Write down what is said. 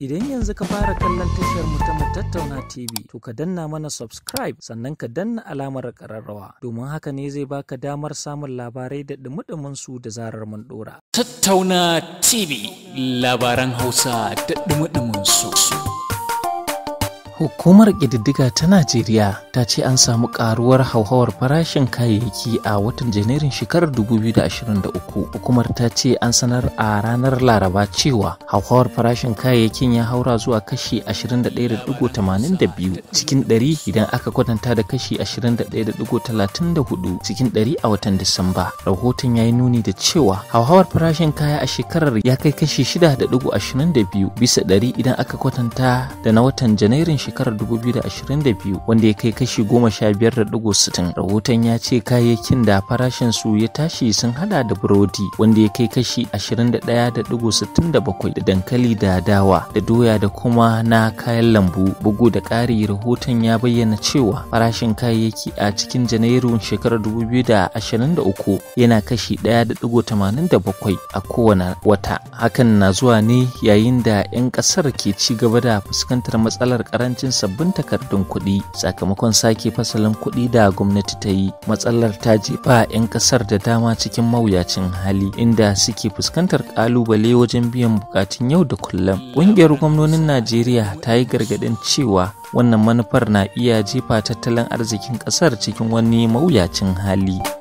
Idan yanzu ka fara kallon tashar mu ta tattauna TV, to ka danna mana subscribe sannan ka danna alamar ƙararrawa. Domin haka ne zai baka damar samun labarai da dumudumin su da zarar mun dora. Tattauna TV labaran Hausa da dumudumin su. Hukumar ƙididdiga ta Najeriya ta ce an samu ƙaruwar hauhawar farashin kayayyaki a watan Janairun shekarar 2023. Hukumar ta ce an sanar a ranar Laraba cewa hauhawar farashin kayayyakin ya haura zuwa kashi 21.82 cikin 100 idan aka kwatanta da kashi 21.34 cikin 100 a watan Disamba. Rahoton ya yi nuni da cewa hauhawar farashin kaya a shekarar ya kai kashi 6.22 bisa 100 idan aka kwatanta da na watan Janairun shekarar 2022 wanda ya kai kashi 15.60. Rahoton ya ce kayayyakin da farashin su ya tashi sun hada da burodi wanda ya kai kashi 21.67 da dankali da dawa da doya da kuma na kayan lambu. Bugu da ƙari rahoton ya bayyana cewa farashin kayayyaki a cikin Janairun shekarar 2023 yana kashi 1.87 a kowane wata. Hakan na zuwa ne yayin da 'yan ƙasar ke ci gaba da fuskantar matsalar ƙarancin Cin sabbin takardun kuɗi sakamakon sake fasalin kuɗi da gwamnati ta yi matsalar ta jefa 'yan ƙasar da dama cikin mawuyacin hali inda suke fuskantar ƙalubale wajen biyan bukatun yau da kullum ƙungiyar gwamnonin najeriya ta yi gargaɗin cewa wannan manufar na iya jefa tattalin arzikin ƙasar cikin wani mawuyacin hali.